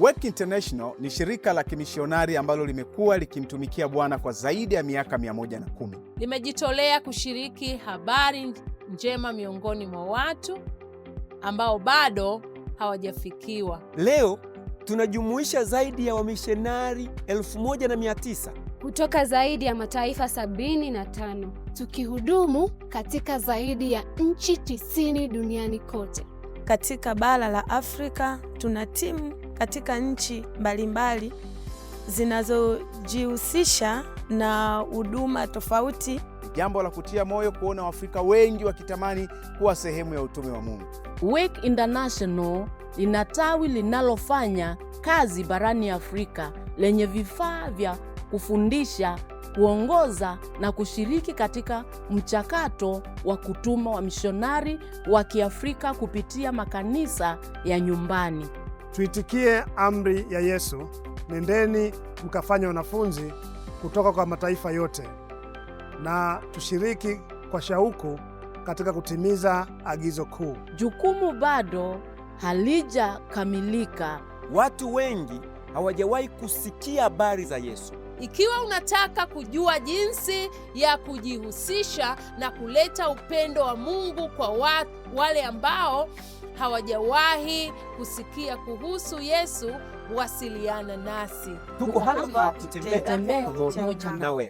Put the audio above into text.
Work International ni shirika la kimishonari ambalo limekuwa likimtumikia Bwana kwa zaidi ya miaka 110. Limejitolea kushiriki habari njema miongoni mwa watu ambao bado hawajafikiwa. Leo tunajumuisha zaidi ya wamishonari 1900 kutoka zaidi ya mataifa 75 tukihudumu katika zaidi ya nchi 90 duniani kote. Katika bara la Afrika tuna timu katika nchi mbalimbali zinazojihusisha na huduma tofauti. Jambo la kutia moyo kuona Waafrika wengi wakitamani kuwa sehemu ya utume wa Mungu. International lina tawi linalofanya kazi barani Afrika lenye vifaa vya kufundisha, kuongoza na kushiriki katika mchakato wa kutuma wamishonari wa Kiafrika kupitia makanisa ya nyumbani. Tuitikie amri ya Yesu, nendeni mkafanye wanafunzi kutoka kwa mataifa yote, na tushiriki kwa shauku katika kutimiza agizo kuu. Jukumu bado halijakamilika. Watu wengi hawajawahi kusikia habari za Yesu. Ikiwa unataka kujua jinsi ya kujihusisha na kuleta upendo wa Mungu kwa wale ambao hawajawahi kusikia kuhusu Yesu, wasiliana nasi. Tuko hapa tutembee pamoja nawe.